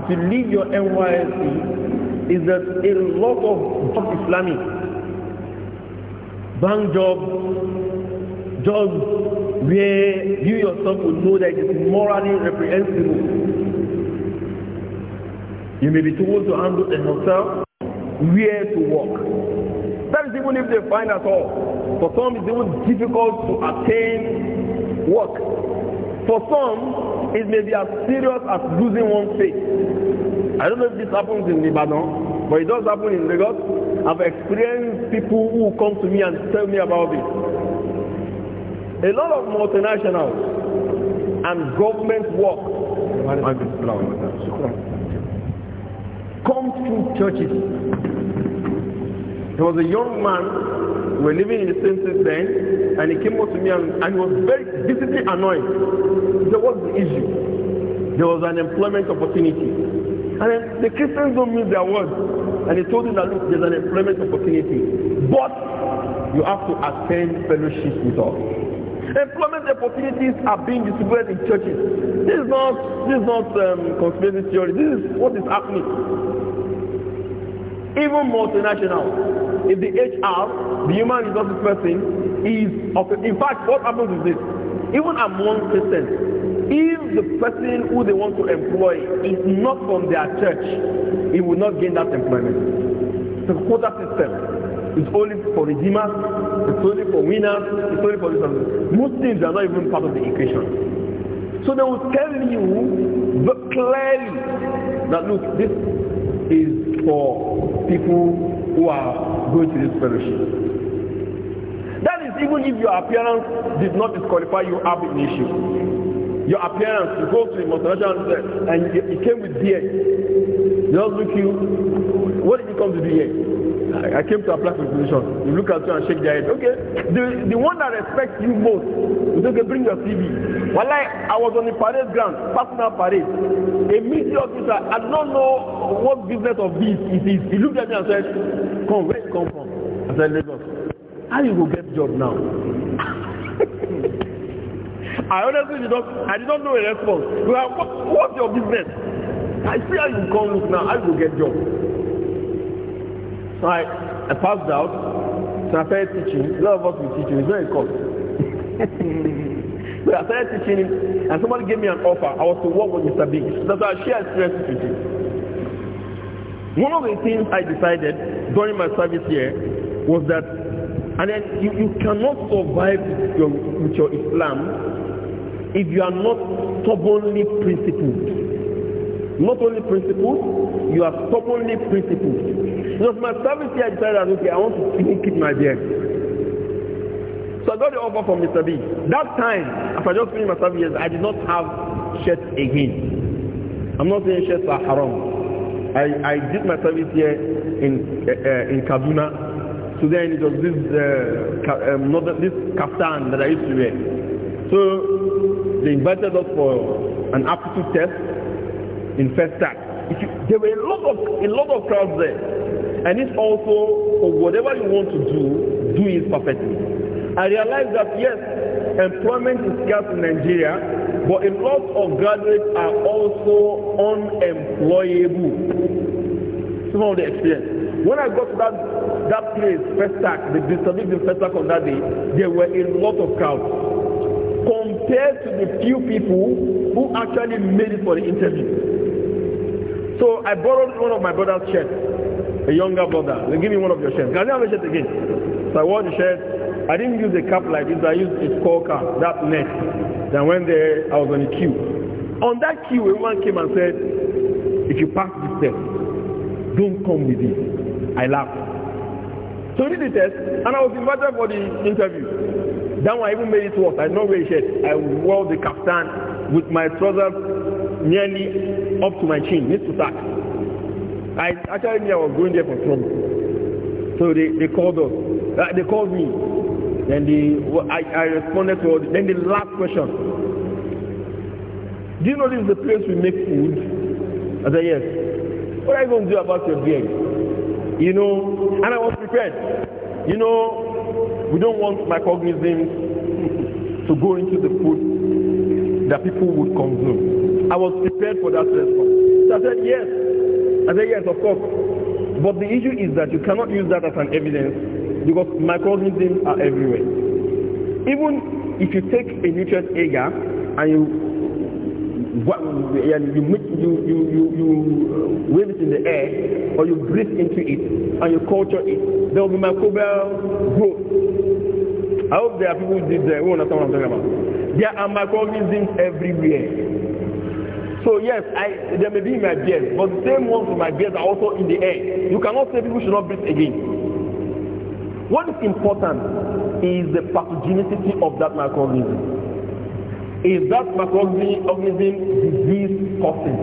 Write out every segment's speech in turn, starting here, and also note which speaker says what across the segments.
Speaker 1: to leave your NYSC is that a lot of jobs job Islamic bank jobs, jobs where you yourself would know that it is morally reprehensible. You may be told to handle a hotel where to work. That is even if they find at all. For some, it's even difficult to attain work. For some, It may be as serious as losing one's faith. I don't know if this happens in Lebanon, but it does happen in Lagos. I've experienced people who come to me and tell me about this. A lot of multinationals and government work come through churches. There was a young man We're living in the same since then, and he came up to me and, and he was very visibly annoyed. There was the issue. There was an employment opportunity. And then the Christians don't mean their words. And he told him that look, there's an employment opportunity. But you have to attend fellowship with us. Employment opportunities are being distributed in churches. This is not this is not um, conspiracy theory. This is what is happening. Even multinational if the HR, the human resources person, is of, in fact, what happens is this, even among Christians, if the person who they want to employ is not from their church, he will not gain that employment. The quota system is only for redeemers, it's only for winners, it's only for this and things are not even part of the equation. So they will tell you clearly that look, this is for people who are go to this fellowship. That is even if your appearance did not disqualify you ab initio. Your appearance, you go to the multinational and it came with beard. They'll look you. What did you come to do here? I, I came to apply for the position. You look at you and shake their head. Okay, the the one that respects you most, you say, okay, bring your CV. While I, I was on the parade ground, passing parade, a media officer, I don't know what business of this it is. He looked at me and said, come, where you come from? I said, Lagos. How you go get job now? I honestly did not, I did not know a response. Well, what, what's your business? I see how you come look now, how you go get job. So I, I passed out. So I started teaching. A lot of us were teaching. It's very cold. but I started teaching him, and somebody gave me an offer. I was to work with Mr. Big. That's how I share experience with you. One of the things I decided during my service here was that, and then you, you cannot survive your, with your Islam if you are not stubbornly principled. Not only principles, you are stubbornly principles. Because my service here, I decided that, okay, I want to keep my beard. So I got the offer from Mr. B. That time, after just finished my service years, I did not have shirt again. I'm not saying shirts are haram. I, I did my service here in, uh, uh, in Kaduna. So then it was this, uh, ka, um, not this kaftan that I used to wear. So they invited us for an aptitude test in Festac. There were a lot of a lot of crowds there, and it's also for whatever you want to do, do it perfectly. I realized that yes, employment is scarce in Nigeria, but a lot of graduates are also unemployable. Some of the experience. When I got to that that place, Festac, the district in Festac on that day, there were a lot of crowds compared to the few people who actually made it for the interview. So I borrowed one of my brother's shirt, a younger brother. They give me one of your shirts. Can I have a shirt again? So I wore the shirt. I didn't use a cap like this. I used a skull cap, that neck. Then when there, I was on a queue. On that queue, a woman came and said, if you pass this test, don't come with me." I laughed. So I did the test, and I was invited for the interview. Then I even made it worse. I know where shirt. I wore the kaftan with my trousers nearly up to my chin, needs to sack. I actually knew I was going there for trouble. So they, they called us. Uh, they called me. Then they, I, I responded to all the, then the last question. Do you know this is the place we make food? I said, yes. What are you going to do about your beard? You know, and I was prepared. You know, we don't want microorganisms to go into the food that people would consume. I was prepared for that response. So I said, yes. I said, yes, of course. But the issue is that you cannot use that as an evidence because microorganisms are everywhere. Even if you take a nutrient agar and you what, you, you, you, you, you uh, wave it in the air or you breathe into it and you culture it, there will be microbial growth. I hope there are people who did that, who understand what I'm talking about. There are microorganisms everywhere. So yes, I, there may be my beard, but the same ones with my beard are also in the air. You cannot say people should not breathe again. What is important is the pathogenicity of that microorganism. Is that microorganism disease causing?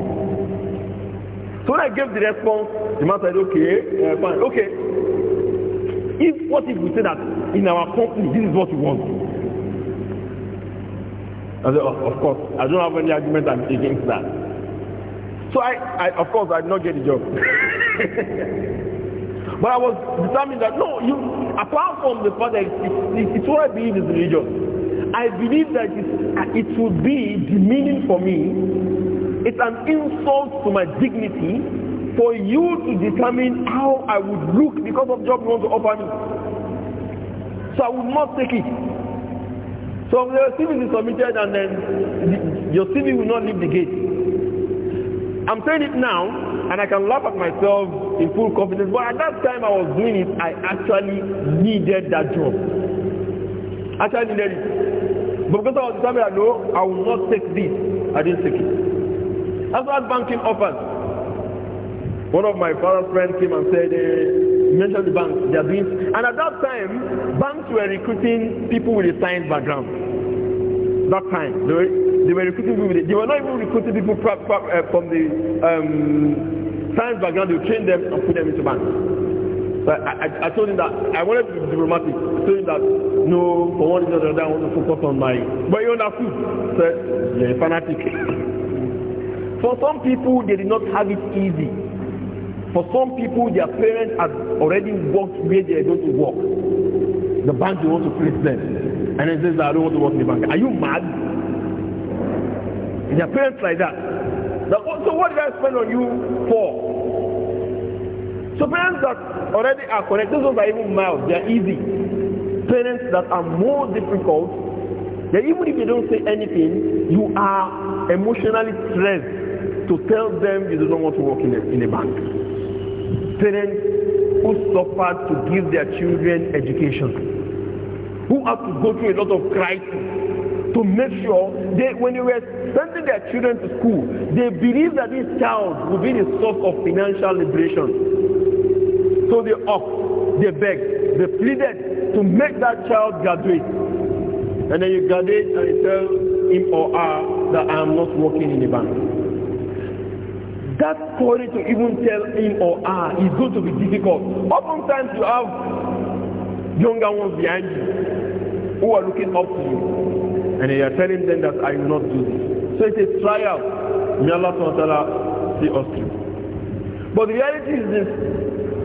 Speaker 1: So when I gave the response, the man said, okay, uh, fine, okay. If what if we say that in our company, this is what we want. I said, of, oh, of course. I don't have any argument against that. So I, I of course, I did not get the job. but I was determined that no, you, apart from the fact that it, it, it's what I believe is religion, I believe that it, it would be demeaning for me. It's an insult to my dignity for you to determine how I would look because of the job you want to offer me. So I would not take it. So your CV is submitted and then your CV will not leave the gate. I'm saying it now and I can laugh at myself in full confidence but at that time I was doing it I actually needed that job. Actually needed it. But because I was determined that no, I will not take this. I didn't take it. That's what banking offers. One of my father's friends came and said, eh, mentioned the bank, they are doing. And at that time, were recruiting people with a science background that time. They were, they were recruiting people. With, they were not even recruiting people from, from, uh, from the um, science background. They trained them and put them into banks. But I, I, I told him that I wanted to be diplomatic. I told him that no, for one reason or another, I want to focus on my. But you understood. So yeah, fanatic. for some people, they did not have it easy. For some people, their parents had already worked where they are going to work the bank you want to place them. And then says, I don't want to work in the bank. Are you mad? Is your parents like that? So what did I spend on you for? So parents that already are connected, those are even mild, They are easy. Parents that are more difficult, that even if they don't say anything, you are emotionally stressed to tell them you do not want to work in a, in a bank. Parents who suffered to give their children education who have to go through a lot of crises to make sure they, when they were sending their children to school, they believed that this child would be the source of financial liberation. So they opt, they beg, they pleaded to make that child graduate. And then you graduate and you tell him or her that I am not working in the bank. That courage to even tell him or her is going to be difficult. Oftentimes you have younger ones behind you who are looking up to you and you are telling them that I will not do this. So it's a trial. May Allah SWT see us through. But the reality is this.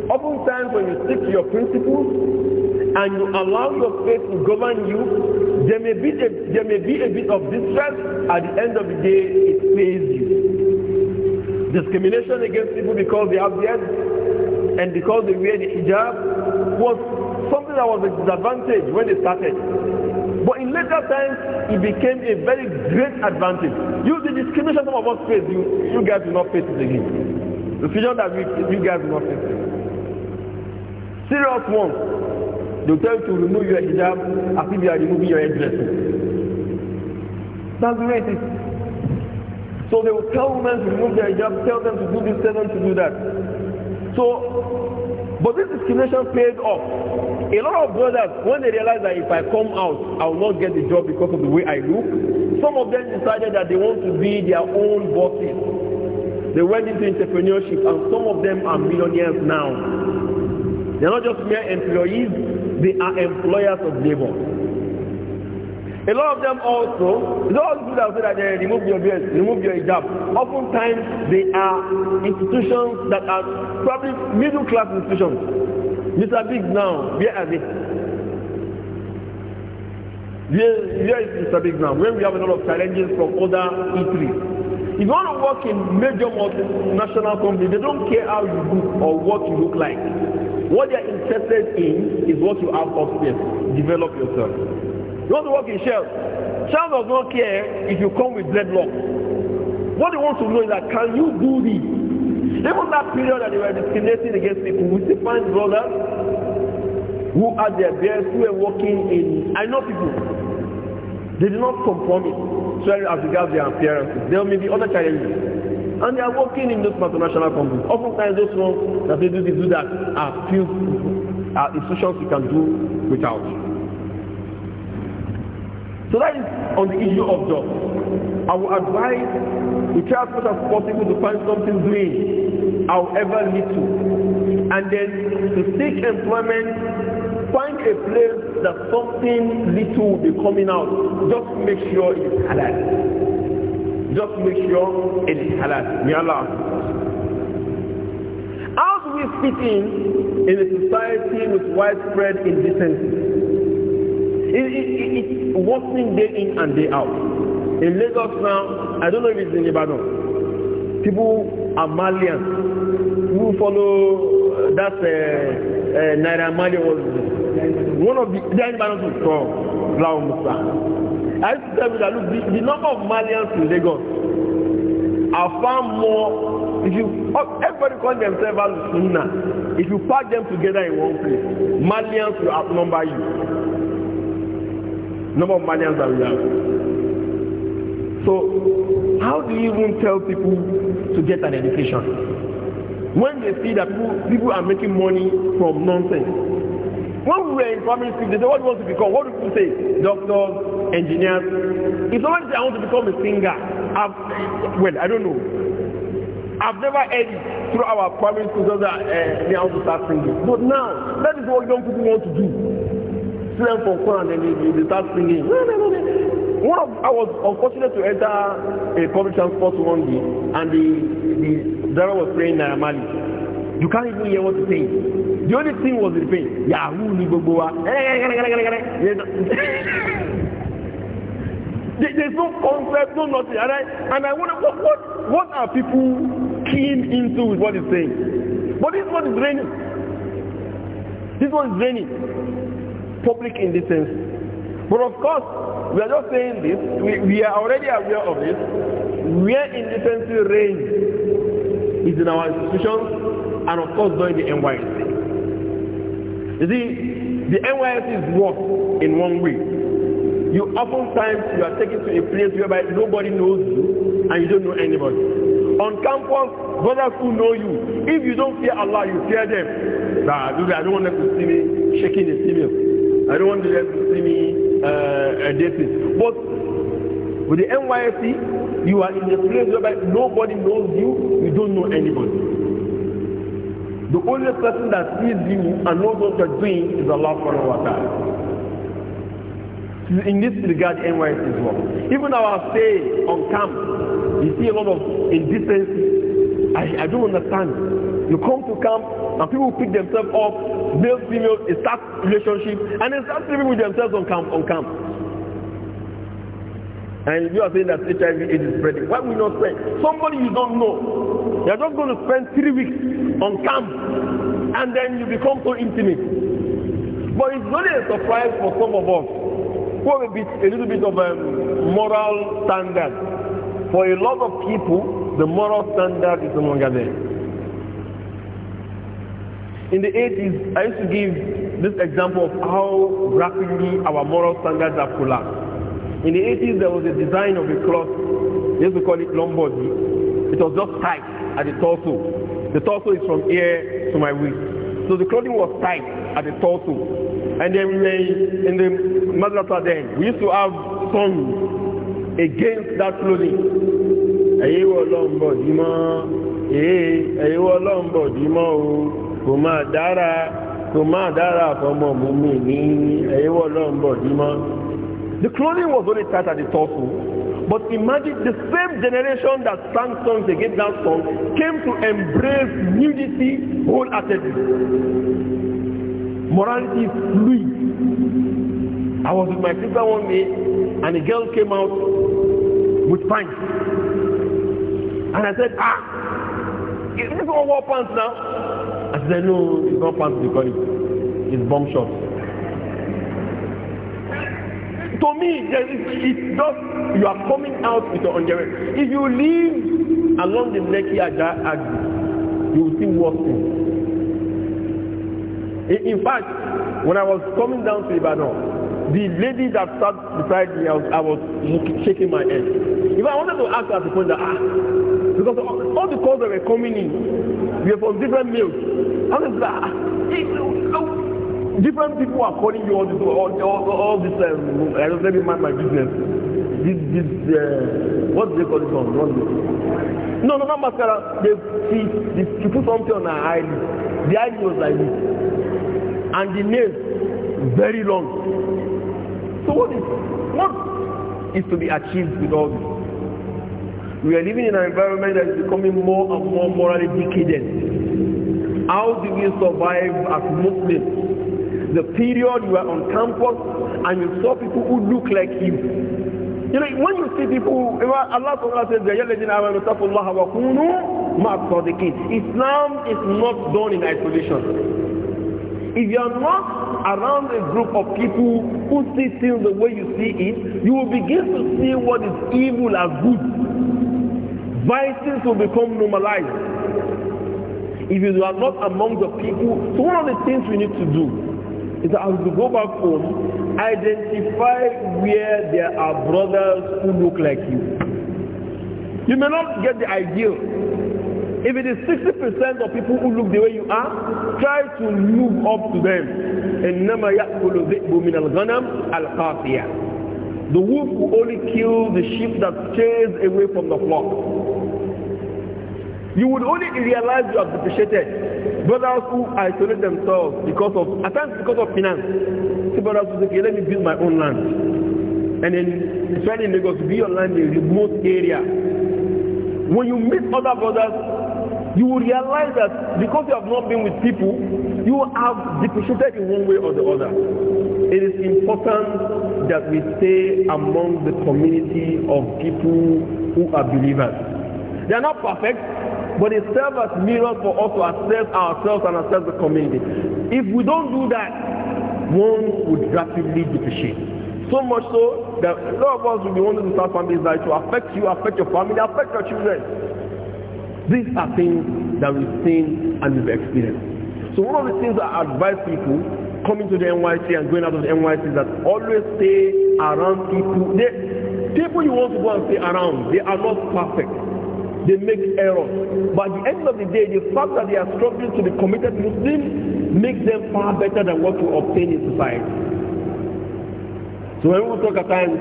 Speaker 1: Oftentimes when you stick to your principles and you allow your faith to govern you, there may be a, there may be a bit of distress. At the end of the day, it pays you. Discrimination against people because they have beards and because they wear the hijab was something that was a disadvantage when they started in later times, it became a very great advantage. You, the discrimination some of us face, you, you guys will not face it again. The fusion that we, you guys will not face it. Serious ones, they'll tell you to remove your hijab as if you are removing your headdress. That's the way it is. So they will tell women to remove their hijab, tell them to do this, tell them to do that. So, but this discrimination paid off. A lot of brothers, when they realize that if I come out, I will not get the job because of the way I look, some of them decided that they want to be their own bosses. They went into entrepreneurship, and some of them are millionaires now. They're not just mere employees, they are employers of labor. A lot of them also, those who have said that they remove your beard, remove your hijab, oftentimes they are institutions that are probably middle class institutions. Mr. Big now, where are they? where is Mr. Big now? When we have a lot of challenges from other e If you want to work in major multinational companies, they don't care how you look or what you look like. What they're interested in is what you have upstairs. Develop yourself. You want to work in Shell? Shell does not care if you come with dreadlocks. What they want to know is that can you do this? Even that period that they were discriminating against people, we still find brothers who had their beards, who were working in, I know people, they did not conform it, especially as regards their appearances. There may be other challenges and they are working in those multinational companies. Oftentimes those ones that they do this, do that are few are institutions you can do without. So that is on the issue of jobs. I will advise we try as much as possible to find something doing however little, and then to seek employment, find a place that something little will be coming out. Just make sure it's halal. Just make sure it's halal. May Allah How do we fit in in a society with widespread indecency? It, it, it, it's worsening day in and day out. In Lagos now, I don't know if it's in Ibadan. People Amalian, who follow that uh, uh, Naira Amalian was one of the then Banatu from Blau Musa. I used to tell you that look, the, the number of Malians in Lagos are far more. If you oh, everybody call themselves as Sunna, if you pack them together in one place, Malians will outnumber you. Number of Malians that we have. So, how do you even tell people to get an education. When they see that people, people are making money from nonsense. When we were in primary school, they said, what do you want to become? What do people say? Doctors, engineers. If somebody says, I want to become a singer, I've, well, I don't know. I've never heard it through our primary school that uh, they want to start singing. But now, that is what young people want to do. Students from Kwan and they, they, they start singing. One of, I was unfortunate to enter a public transport one day and the, the driver was praying Naira Marley. You can't even hear what he's saying. The only thing was the pain. Yahoo ni gbogbo wa. There's no concept, no nothing. And I, and I wonder what, what, what are people keen into with what he's saying? But this one is draining. This one is draining. Public indecency. But of course, we are just saying this, we, we are already aware of this, where indecency reigns is in our institutions and of course during the NYC. You see, the NYC is worse in one way. You oftentimes you are taken to a place whereby nobody knows you and you don't know anybody. On campus, brothers who know you, if you don't fear Allah, you fear them. Nah, I don't want them to see me shaking a female. I don't want them to see me uh, this uh, But with the NYSC, you are in a place whereby nobody knows you, you don't know anybody. The only person that sees you and knows what you're doing is Allah for our time. In this regard, NYSC is wrong. Even our stay on camp, you see a lot of indecency. I, I don't understand. You come to camp and people pick themselves up male female it starts relationship and they start sleeping with themselves on camp on camp and you are saying that HIV AIDS is spreading why we not spread somebody you don't know you are just going to spend three weeks on camp and then you become so intimate but it's only a surprise for some of us who have a bit a little bit of a um, moral standard for a lot of people the moral standard is no longer there In the 80s, I used to give this example of how rapidly our moral standards have collapsed. In the 80s, there was a design of a cloth, they used to call it Lombardy. It was just tight at the torso. The torso is from here to my waist. So the clothing was tight at the torso. And then in the madrasa then, we used to have songs against that clothing. Ẹ̀yẹ́wọ̀ lọ́nbọ̀ dìímọ́, ẹ̀yẹ́wọ̀ lọ́nbọ̀ dìímọ́ o kò máa dára kò máa dára àfọmọ mú mi ní ẹ̀yẹ́wọ̀ lọ́nbọ̀ dímọ́. The clothing was only tight at the torso. But imagine the same generation that sang songs against that song came to embrace nudity wholeheartedly. Morality is fluid. I was with my sister one day and a girl came out with pants. And I said, ah, is this one wore pants now? I said, no, it's not part of the college. It's bomb shot. To me, it just you are coming out with your underwear. If you leave along the Lekki Aja, you will see worse in. In fact, when I was coming down to Ibadan, the lady that sat beside me, I was, I was shaking my head. If I wanted to ask her to point that, ah, Because all the calls that were coming in, we are from different males. How is that? different people are calling you all this all, all, all this um, I don't let me mind my business. This this uh, what do they call this one? What do No, no, not mascara. They she, she, she put something on her eyelid. The eyelid was like this, and the nails very long. So what is what is to be achieved with all this? We are living in an environment that is becoming more and more morally decadent. How do we survive as Muslims? The period you are on campus and you saw people who look like you. You know, when you see people, Allah says Ta'ala says, Islam is not done in isolation. If you are not around a group of people who see things the way you see it, you will begin to see what is evil as good Vices will become normalized. If you are not among the people, so one of the things we need to do is that as we go back home, identify where there are brothers who look like you. You may not get the ideal. If it is 60% of people who look the way you are, try to move up to them. The wolf will only kill the sheep that stays away from the flock you would only realize you have depreciated. Brothers who isolate themselves because of, at times because of finance. See brothers who say, okay, let me build my own land. And then, trying in Lagos, be your land in a remote area. When you meet other brothers, you will realize that because you have not been with people, you have depreciated in one way or the other. It is important that we stay among the community of people who are believers. They are not perfect, but they serve as mirrors for us to assess ourselves and assess the community. If we don't do that, one would rapidly depreciate. So much so that a lot of us will be wanting to start families that to affect you, affect your family, affect your children. These are things that we've seen and we've experienced. So one of the things I advise people coming to the NYC and going out of the NYC is that always stay around people. They, people you want to go and stay around, they are not perfect. they make errors. But at the end of the day, the fact that they are struggling to be committed Muslims makes them far better than what you obtain in society. So when we talk at times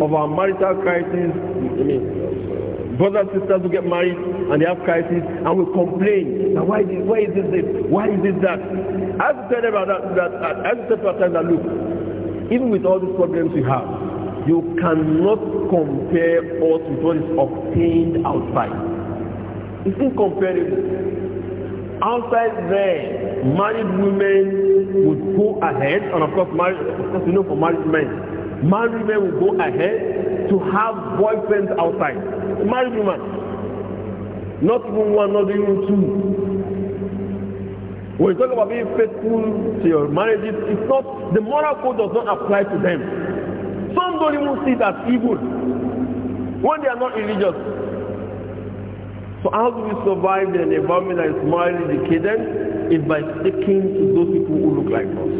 Speaker 1: of our marital crisis, I mean, brothers and sisters who get married and they have crisis and we complain, now why is this, why is this, this? why is this that? I have to tell them that, that, I have to tell them that look, even with all these problems we have, you cannot compare us with what is obtained outside. It's incomparable. Outside there, married women would go ahead, and of course, married, of course, you know, for married men, married men would go ahead to have boyfriends outside. Married women, not even one, not even two. When you talk about being faithful to your marriages, it's not the moral code does not apply to them don't even see it as evil when they are not religious. So how do we survive in an environment that is morally decadent? Is by sticking to those people who look like us.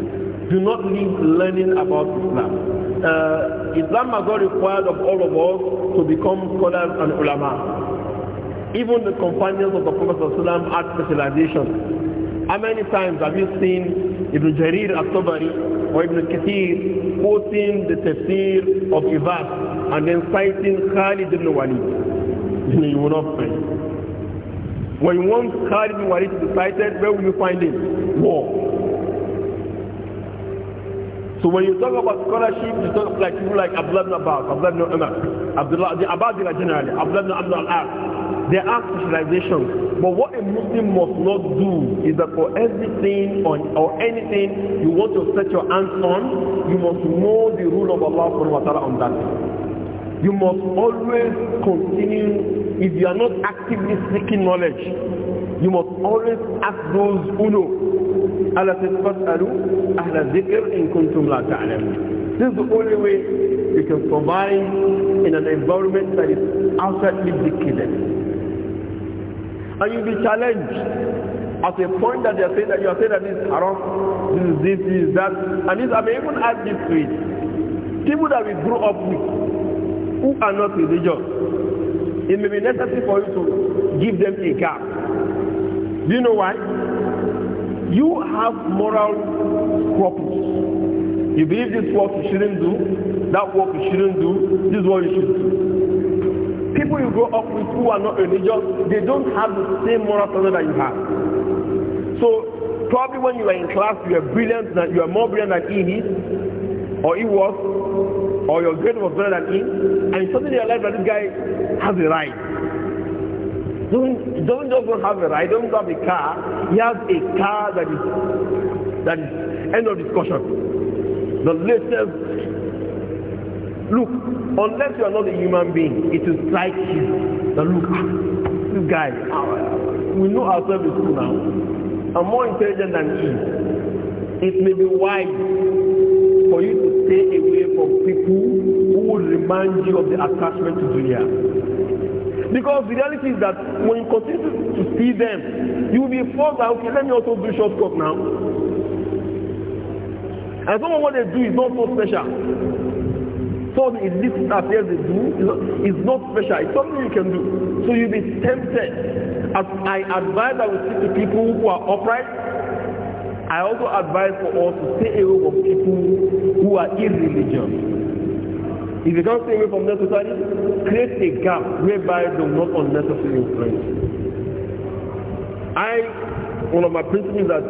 Speaker 1: Do not leave learning about Islam. Uh, Islam has not required of all of us to become scholars and ulama. Even the companions of the Prophet ﷺ had specialization. How many times have you seen Ibn Jarir al-Tabari or Ibn Kathir quoting the tafsir of a and then citing Khalid ibn Walid. You, you will not find. When you want Khalid ibn Walid to be cited, where will you find it? War. So when you talk about scholarship, you talk like people like Abdullah ibn Abbas, Abdullah ibn Umar, Abdullah, the Abadila generally, Abdullah ibn Abdul al there are specializations. But what a Muslim must not do is that for everything on, or anything you want to set your hands on, you must know the rule of Allah subhanahu on that. You must always continue, if you are not actively seeking knowledge, you must always ask those who know. أَلَا تَسْفَتْأَلُوا أَهْلَ الذِّكْرِ إِن كُنْتُمْ لَا تَعْلَمُونَ This is the only way you can survive in an environment that is outwardly dictated. and you'll be challenged at a point that they are saying that you are saying that this is haram, this is this, is that, and this. I may even add this to it. People that we grew up with, who are not religious, it may be necessary for you to give them a gap. Do you know why? You have moral purpose. You believe this work you shouldn't do, that work you shouldn't do, this is what you should do. People you grow up with who are not religious, they don't have the same moral standard that you have. So probably when you were in class, you were brilliant, you are more brilliant than he or he was, or your grade was better than him, and suddenly you realize that this guy has a right. Don't, don't just don't have a right, don't have a car. He has a car that is, that is end of discussion. The latest Look, unless you are not a human being, it will strike you that look, ah, this guy, ah, we know ourselves is cool now. I'm more intelligent than he. It may be wise for you to stay away from people who will remind you of the attachment to Julia. Because the reality is that when you continue to see them, you will be forced out. okay, let me also do shortcut now. And some of what they do is not so special. Some is this affair they do is not special. It's something you can do. So you'll be tempted. As I advise I will speak to people who are upright, I also advise for us to stay away from people who are irreligious. If you can't stay away from that society, create a gap whereby they will not unnecessary influence. I, one of my principles that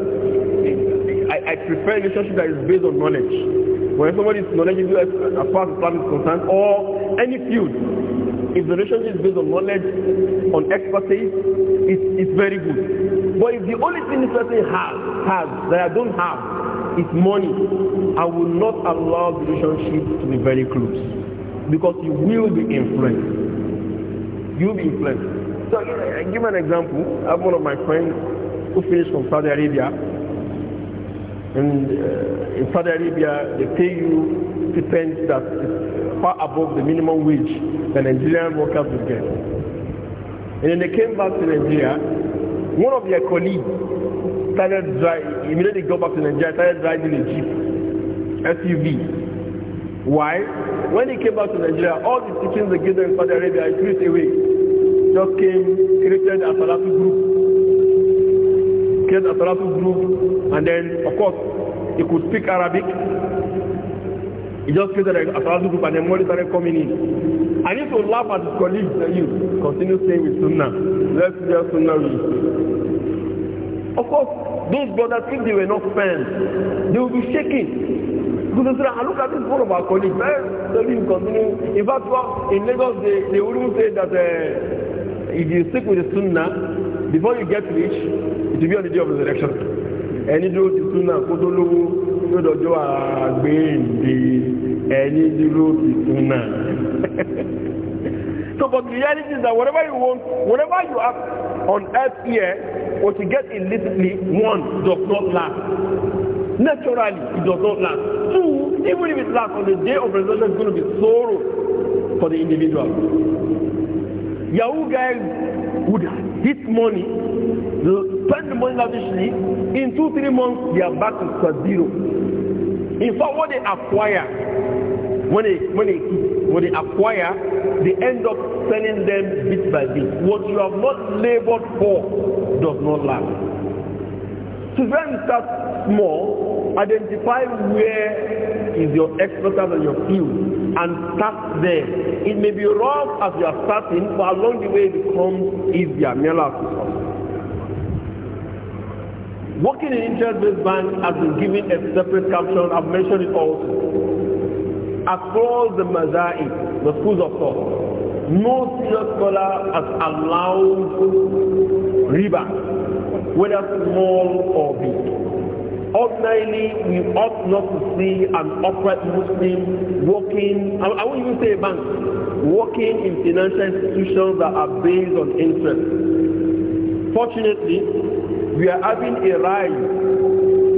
Speaker 1: I, I prefer relationship that is based on knowledge when somebody is knowledgeable as, as far as Islam is concerned, or any field, if the relationship is based on knowledge, on expertise, it's, it's very good. But if the only thing this person has, has that I don't have, is money, I will not allow the relationship to be very close. Because you will be influenced. You will be influenced. So I give an example. I have one of my friends who finished from Saudi Arabia in, uh, in Saudi Arabia, they pay you stipends that is far above the minimum wage that Nigerian workers would get. And then they came back to Nigeria. One of their colleagues started driving, immediately got back to Nigeria, started driving a Jeep, SUV. Why? When he came back to Nigeria, all the teachings they gave them in Saudi Arabia, I threw away. Just came, created a Salafi group get a Salatul group, and then, of course, he could speak Arabic. He just created a Salatul group, and then money started coming in. I need to laugh at his colleagues and you continue staying with Sunnah. Let's hear Sunnah Of course, those brothers, if they were not fans. they would be shaking. Because they say, ah, look at this one of our colleagues, man, so you continue. In fact, well, in Lagos, they, they wouldn't say that uh, if you stick with the Sunnah, before you get rich, to be on the day of resurrection ẹni dúró ti súnà kó tó lówó tó dọjọ́ àgbéǹde ẹni dúró ti súnà so but the reality is that whatever you want whatever you have on earth here what you get illicitly one does not last naturally it does not last two even if it lasts on the day of resurrection it's going to be sorrow for the individual yahoo guys would have this money, they spend the money lavishly, in two, three months, they are back to zero. In fact, what they acquire, when they, when they, when they acquire, they end up selling them bit by bit. What you have not labored for does not last. So when you start small, identify where is your expertise and your field and start there. It may be rough as you are starting, but along the way it becomes easier. Working in interest-based bank has been given a separate caption. I've mentioned it also. Across the Mazai, the schools of thought, no serious scholar has allowed river, whether small or big. ordinarily we ought not to see an upright Muslim working, I, I won't even say a bank, working in financial institutions that are based on interest. Fortunately, we are having a rise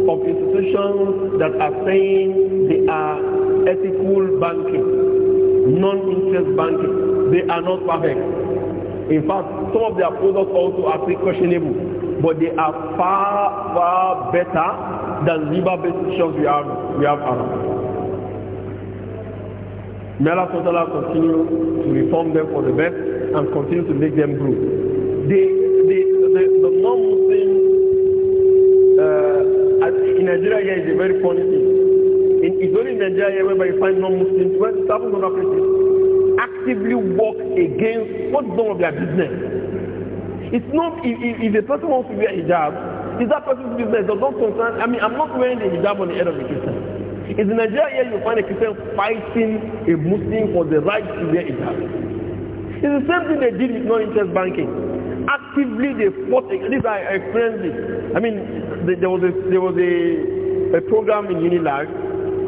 Speaker 1: of institutions that are saying they are ethical banking, non-interest banking. They are not perfect. In fact, some of their products also are questionable but they are far, far better than river-based shops we have, we have around. May Allah SWT continue to reform them for the best and continue to make them grow. The, the, the, the non-Muslim uh, in Nigeria here is a very funny thing. In, it's only in Nigeria where you find non-Muslims, well, where non South actively work against what's none of their business. It's not, if, if, if a person wants to wear hijab, Is that person's business. It don't concern. I mean, I'm not wearing the hijab on the head of a Christian. It's in Nigeria here you find a Christian fighting a Muslim for the right to wear hijab. It's the same thing they did with non-interest banking. Actively they fought. At least I experienced. it. I mean, there was a, there was a, a program in Unilag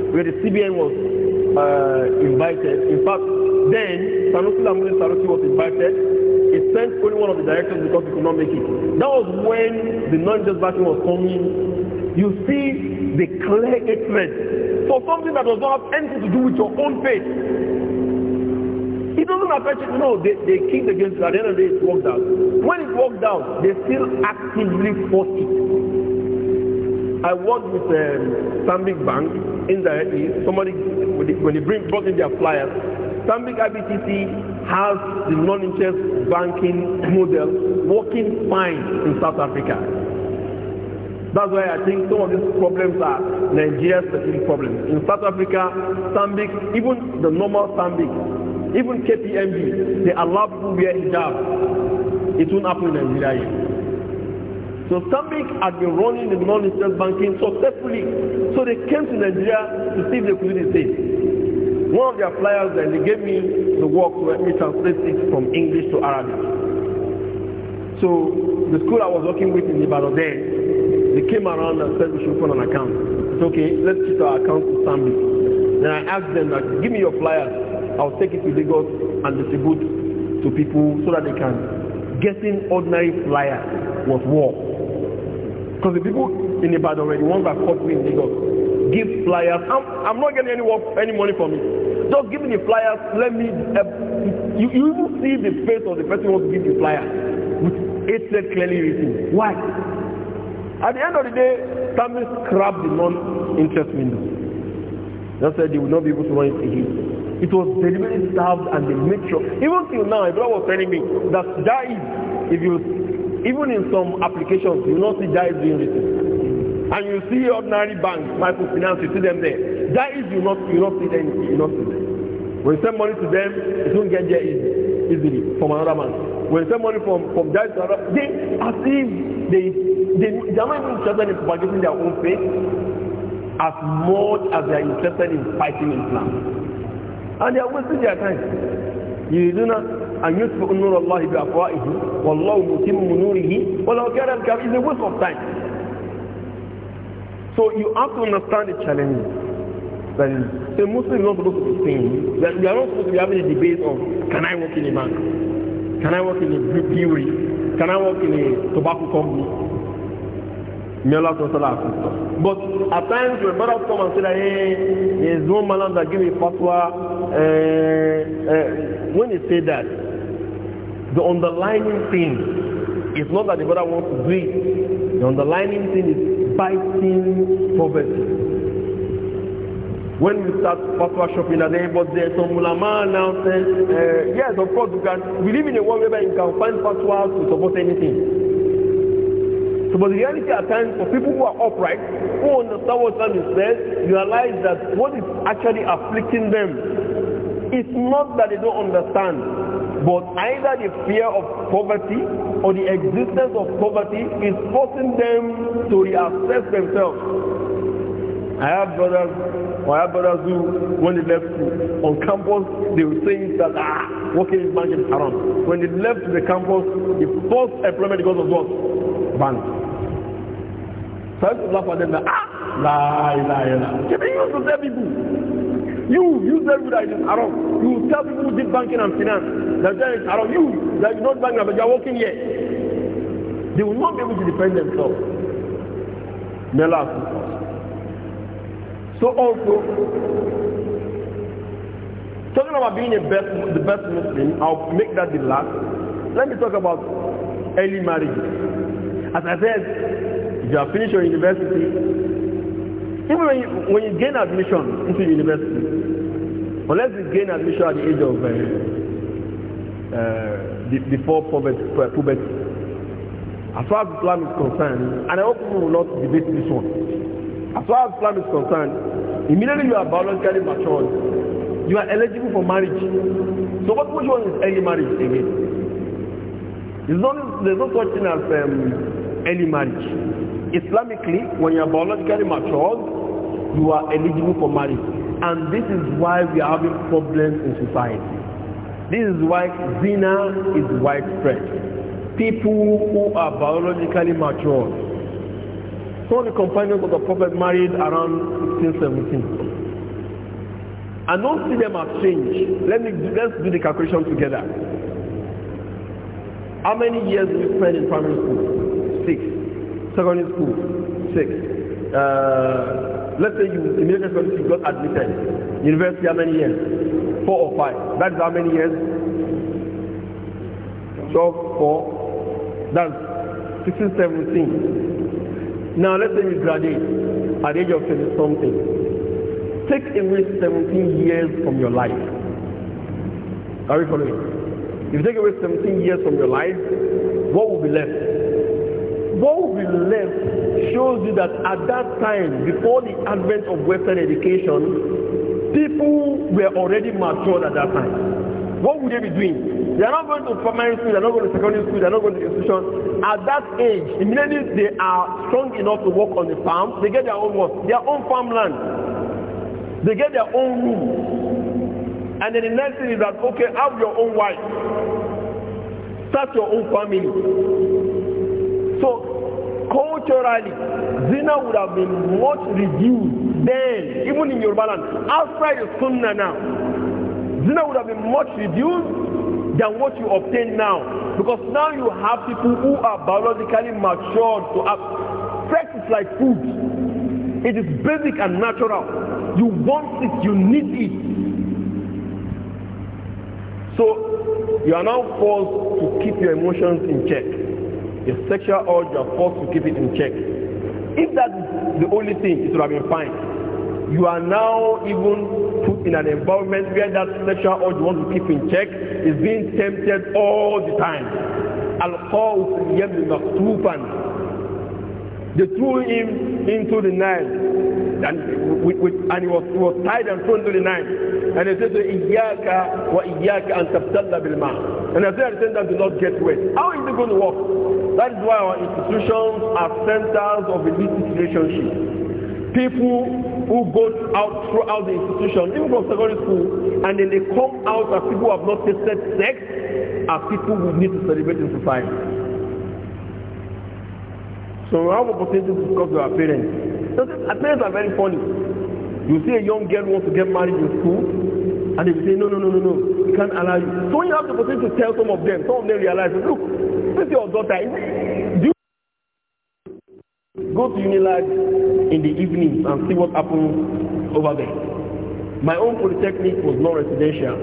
Speaker 1: where the CBN was uh, invited. In fact, then Sanusi Lamuli Sanusi was invited sent only one of the directors because he could not make it. That was when the non-just batting was coming. You see the clear hatred for something that does not have anything to do with your own faith. It doesn't affect you. No, they, they kicked against it. At the end of the day, it worked out. When it worked out, they still actively fought it. I worked with um, Sambig Bank indirectly. Somebody, when they, bring, brought in their flyers, Sambig IBTC has the non-interest banking model working fine in South Africa. That's why I think some of these problems are Nigeria's specific problems. In South Africa, Sambic, even the normal Sambic, even KPMB, they allow people wear hijab. It won't happen in Nigeria yet. So Sambic had been running the non-interest banking successfully. So they came to Nigeria to see if they could do the same. One of their flyers then, they gave me the work to help me translate it from English to Arabic. So the school I was working with in Ibadan then, they came around and said we should open an account. It's okay, let's keep our account to Stanley. Then I asked them, that, give me your flyers. I'll take it to Lagos and distribute to people so that they can. Getting ordinary flyers was war. Because the people in Ibadan already, the ones that caught me in Lagos, give flyers. I'm, I'm not getting any work, any money from it. Just give me the flyers. Let me. Uh, you, you even see the face of the person who wants to give the flyer with it said clearly written. Why? At the end of the day, somebody scrapped the non-interest window. That said, they will not be able to run it again. It was deliberately served and they made sure. Even till now, everyone was telling me that that is, if you, even in some applications, you will not see that is being written. and you see ordinary banks microfinance you see them there that is you not you not see them you not see them when you send money to them you don't get there easy easily from another bank when you send money from from that to another they as if they they they are not even interested in propagating their own faith as much as they are interested in fighting Islam and they are wasting their time You do not, and Allah يريدون أن يطفئوا Allah الله بأفواههم والله متم نوره ولو كان الكافر is the waste of time So you have to understand the challenge. That is, a Muslim is not supposed to be saying that we are not supposed to be having a debate of can I work in a bank? Can I work in a brewery? Can I work in a tobacco company? But at times when brothers come and say that hey, there's no man that gave a fatwa. Uh, uh, when they say that, the underlying thing is not that the brother wants to do it. The underlying thing is biting poverty. When we start fatwa shopping at there, but there's some ulama now says, uh, eh, yes, of course, you can, we live in a world where you can find fatwa to support anything. So, but the reality at times for people who are upright, who understand what Islam is says, realize that what is actually afflicting them is not that they don't understand, But either the fear of poverty or the existence of poverty is forcing them to reassess themselves. I have brothers, I have brothers who, when they left on campus, they were saying that, ah, working in bank is haram. When they left the campus, the first employment because of what? Bank. So I used to laugh at them, ah, la, la, la. Can you used to tell people? You, use tell that it is haram. You tell people who did banking and finance that there is haram. You, that you not banking, but you are working here. They will not be able to defend themselves. May So also, talking about being a best, the best Muslim, I'll make that the last. Let me talk about early marriage. As I said, if you have finished your university, even when you, when you gain admission into university, unless you gain admission at the age of uh, uh, before puberty, puberty, as far as Islam is concerned, and I hope we will not debate this one. As far as Islam is concerned, immediately you are biologically matured, you are eligible for marriage. So what which one is early marriage again? There's no, there's no such thing as um, early marriage. Islamically, when you are biologically matured, you are eligible for marriage. And this is why we are having problems in society. This is why zina is widespread. People who are biologically mature. Some of the companions of the Prophet married around 16, 17. I don't see them have changed. Let me let's do the calculation together. How many years did we spend in primary school? Six. Secondary school? Six. Uh, Let's say you immediately when you got admitted, university how many years? Four or five. That's how many years? Twelve, four. That's sixteen, seventeen. Now let's say you graduate at the age of 20 something. Take away seventeen years from your life. Are you following? If you take away seventeen years from your life, what will be left? What will be left Told you that at that time, before the advent of Western education, people were already matured at that time. What would they be doing? They are not going to primary school, they are not going to secondary school, they are not going to institution. At that age, immediately they are strong enough to work on the farm, they get their own work, their own farmland. They get their own room. And then the next thing is that, okay, have your own wife. Start your own family culturally zina would have been much reduced then, even in Yoruba land, outside the Sunnah now. Zina would have been much reduced than what you obtain now. Because now you have people who are biologically matured to have sex is like food. It is basic and natural. You want it, you need it. So you are now forced to keep your emotions in check a sexual urge you are forced to keep it in check if that is the only thing it would have been fine you are now even put in an environment where that sexual urge you want to keep in check is being tempted all the time alcohol they threw him into the Nile and, with, with, and he, was, he was tied and thrown into the Nile and they said to Iyaka wa Iyaka and Tabtalla bil And as they are saying that do not get well. how is it going to work? That is why our institutions are centers of illicit relationships. People who go out throughout the institution, even from secondary school, and then they come out as people who have not tested sex, as people who need to celebrate in society. So we have opportunity to discuss with our parents. Our parents are very funny. You see a young girl wants to get married in school, and they will say, no, no, no, no, no we can't allow you. So you have the potential to tell some of them. Some of them realize, look, this is your daughter. Do you go to Unilag in the evening and see what happens over there. My own polytechnic was not residential.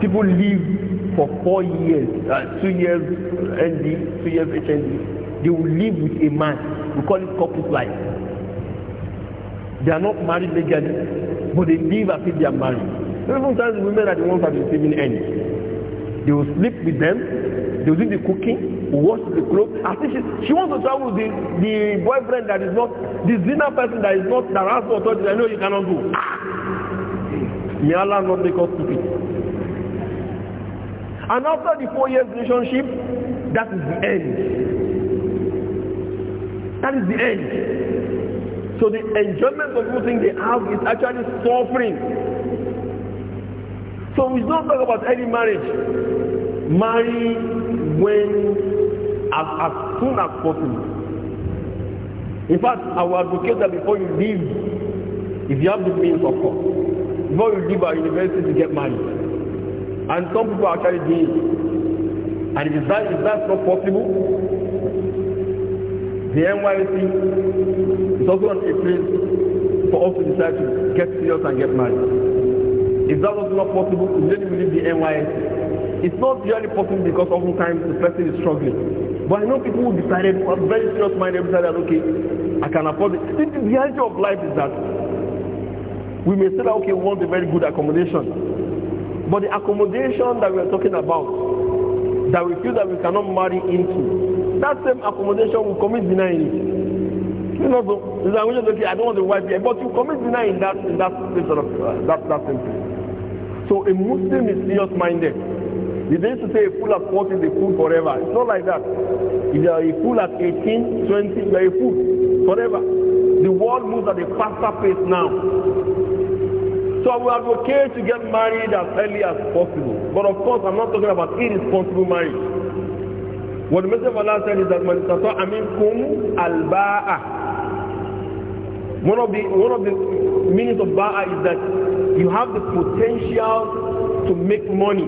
Speaker 1: People live for four years, uh, two years ND, two years HND. They will live with a man. We call it couples life. They are not married legally, but they live as if they are married. Even times women are the ones at the receiving end. They will sleep with them, they will do the cooking, wash the clothes. As if she, she wants to travel with the, the boyfriend that is not, the dinner person that is not, that has no authority, I know you cannot do. May Allah not make us stupid. And after the four years relationship, that is the end. That is the end. So the enjoyment of using the house is actually suffering So we don't talk about any marriage. Marry when, as, as soon as possible. In fact, I will advocate that before you leave, if you have the means, of course, before you leave our university to get married. And some people are actually doing it. And if that, if that's not possible, the NYC is also not a place for us to decide to get serious and get married. If that was not possible, then we believe the NYSC. It's not really possible because oftentimes the person is struggling. But I know people who decided, who are very serious minded, decided, that okay, I can afford it. The, reality of life is that we may say that, okay, we want a very good accommodation. But the accommodation that we are talking about, that we feel that we cannot marry into, that same accommodation will commit denying it you know, so the language just okay, I don't want the wife here, but you commit denying in that in that sort of uh, that that thing. So a Muslim is serious minded. You didn't say a fool at 40 is a fool forever. It's not like that. If you are a fool at 18, 20, you are a fool forever. The world moves at a faster pace now. So we advocate to get married as early as possible. But of course, I'm not talking about irresponsible marriage. What the Messenger of Allah said is that man tata aminkum al-ba'a. One of the one of the meaning of ba'a is that you have the potential to make money.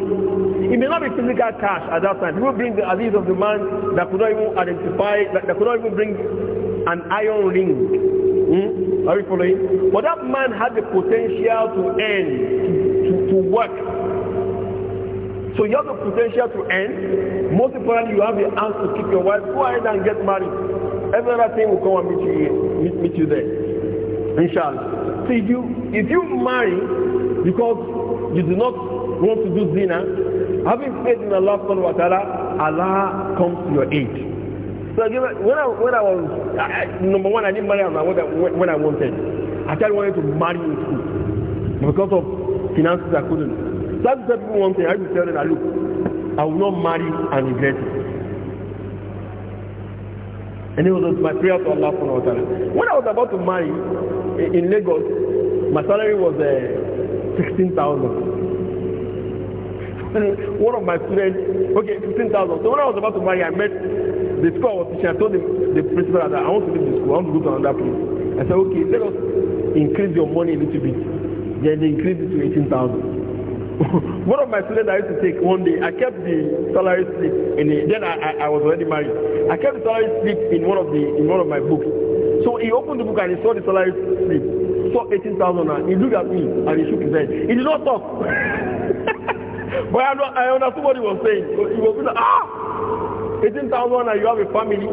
Speaker 1: It may not be physical cash at that time. People bring the hadith of the man that could not even identify, that, that could not even bring an iron ring. Hmm? Are you following? But that man had the potential to earn, to, to, to work. So you have the potential to earn. Most importantly, you have the hands to keep your wife. Go ahead and get married. Every other thing will come and meet you here, meet, meet you there. Inshallah. So you if you marry because you do not want to do zina, having faith in Allah subhanahu wa ta'ala, Allah comes to your aid. So when I when I was I, number one, I didn't marry when I, when I wanted. I tried wanted to marry in school because of finances I couldn't. That's the people one thing I used to tell them, look, I will not marry and regret it. And it was my prayer to Allah subhanahu wa ta'ala. When I was about to marry in Lagos, my salary was uh, 16,000. one of my students, okay, 15,000. So when I was about to marry, I met the school I was teaching. I told the, the principal that I want to leave the school, I want to go to another place. I said, okay, let us increase your money a little bit. Then they increased it to 18,000. one of my students I used to take one day, I kept the salary slip in it. then I, I, I, was already married. I kept the salary slip in one of the in one of my books. So he opened the book and he saw the salary slip. Saw eighteen thousand and he looked at me and he shook his head. He did not talk. but I, I understood what he was saying. So he was like, ah, eighteen thousand and you have a family.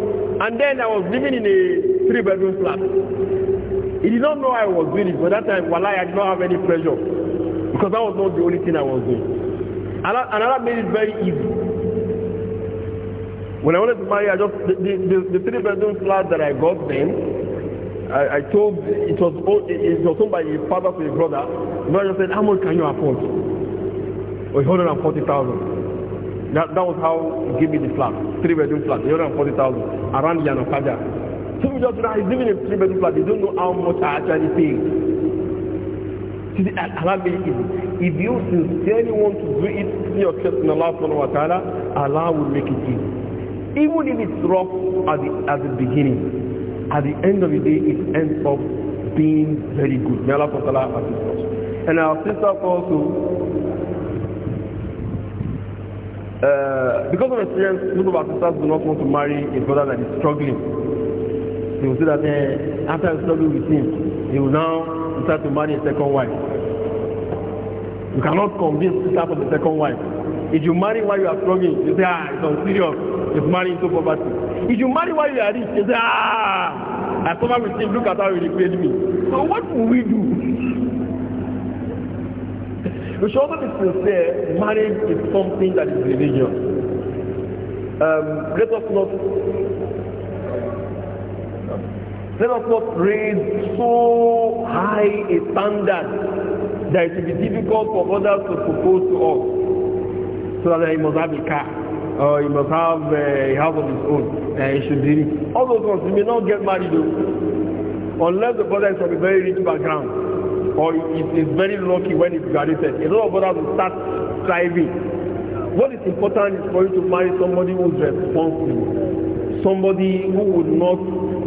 Speaker 1: And then I was living in a three bedroom flat. He did not know I was doing it, but that time, while I did not have any pressure. Because that was not the only thing I was doing. Another made it very easy. When I wanted to marry, I just, the, the, the, three bedroom flat that I got then, I, I told it was owned, oh, it was owned by his father to his brother. The brother said, "How much can you afford?" Well, oh, hundred and forty thousand. That that was how he gave me the flat, three bedroom flat, hundred and forty thousand around Yanokaja. So we just now he's living in three bedroom flat. They don't know how much I actually paid the halal way easy. If you sincerely want to do it in your trust in Allah subhanahu wa ta'ala, Allah will make it easy. Even if it's rough at the, at the beginning, at the end of the day, it ends up being very good. May Allah subhanahu wa ta'ala assist us. And our sister also uh, because of experience, most of our sisters do not want to marry a brother that is struggling. They will say that eh, after struggling with him, he will now Start to marry a second wife. You cannot convince Peter from the second wife. If you marry while you are struggling, you say, ah, it's unserious. It's marrying to poverty. If you marry while you are rich, you say, ah, I suffer with him. Look at how he repaid me. So what will we do? we should also be sincere. Marriage is something that is religious. Um, let us not Let us raise so high a standard that it will be difficult for others to propose to us. So that he must have a car, or he must have uh, a house of his own, and uh, he should be rich. All those ones, he may not get married though, unless the brother is from a very rich background, or he is very lucky when he's graduated. A lot of others will start striving what is important is for you to marry somebody who is responsible somebody who would not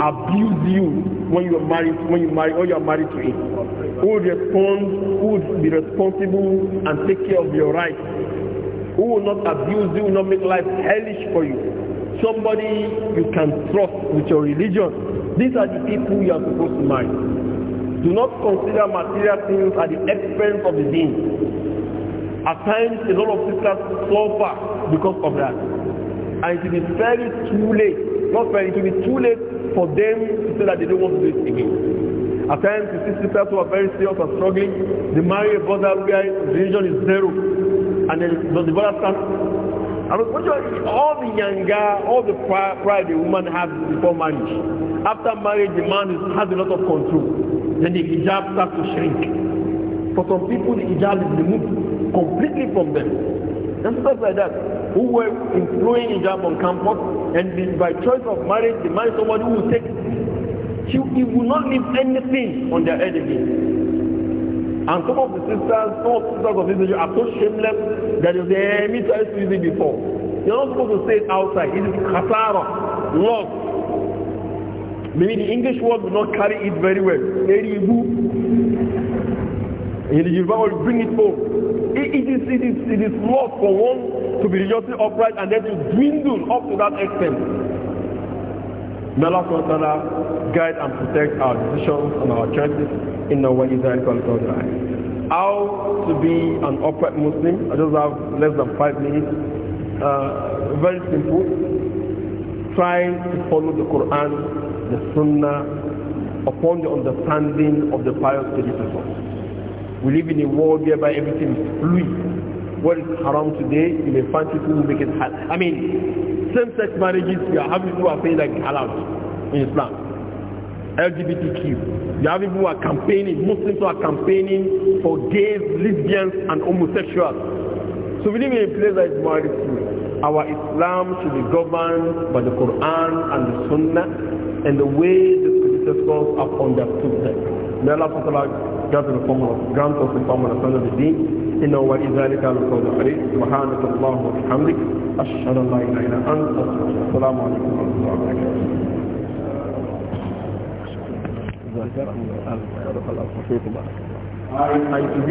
Speaker 1: abuse you when you are married when you marry or you are married to him who will respond who will be responsible and take care of your rights who will not abuse you will not make life hellish for you somebody you can trust with your religion these are the people you are supposed to marry do not consider material things at the expense of the deen at times a lot of sisters suffer because of that and it will be very too late not very it will be too late for them to say that they don't want to do it again. At times, you see sisters who are very serious and struggling, they marry a brother where religion is zero, and then does the brother stand? And all the yanga, all the pride the woman has before marriage. After marriage, the man has a lot of control. Then the hijab starts to shrink. For some people, the hijab is removed completely from them. And stuff like that, who were employing hijab on campus, And by choice of marriage, they marry somebody who will take, she, he will not leave anything on their enemy. And some of the sisters, some of the sisters of Israel are so shameless that they say, me try to use it before. You're not supposed to say it outside. It is khasara, loss. Maybe the English word will not carry it very well. Eribu. In the Yoruba will bring it home. It, it, is, it, is, it is lost for one to be religiously upright and then to dwindle up to that extent. May Allah SWT guide and protect our decisions and our choices in our Israel life. How to be an upright Muslim? I just have less than five minutes. Uh, very simple. Try to follow the Quran, the Sunnah, upon the understanding of the pious predecessors. We live in a world whereby everything is fluid what is haram today, you may find people who make it halal. I mean, same-sex marriages, you are having people who are saying like halal in Islam. LGBTQ. You have people who are campaigning, Muslims who are campaigning for gays, lesbians, and homosexuals. So we live in a place that is our Islam should be governed by the Quran and the Sunnah and the way the predecessors have understood them. May Allah grant us the formula, grant us the formula of the deen. إنه ولي ذلك القول العليم سبحانك الله وبحمدك أشهد أن لا إله إلا أنت السلام عليكم ورحمة الله وبركاته.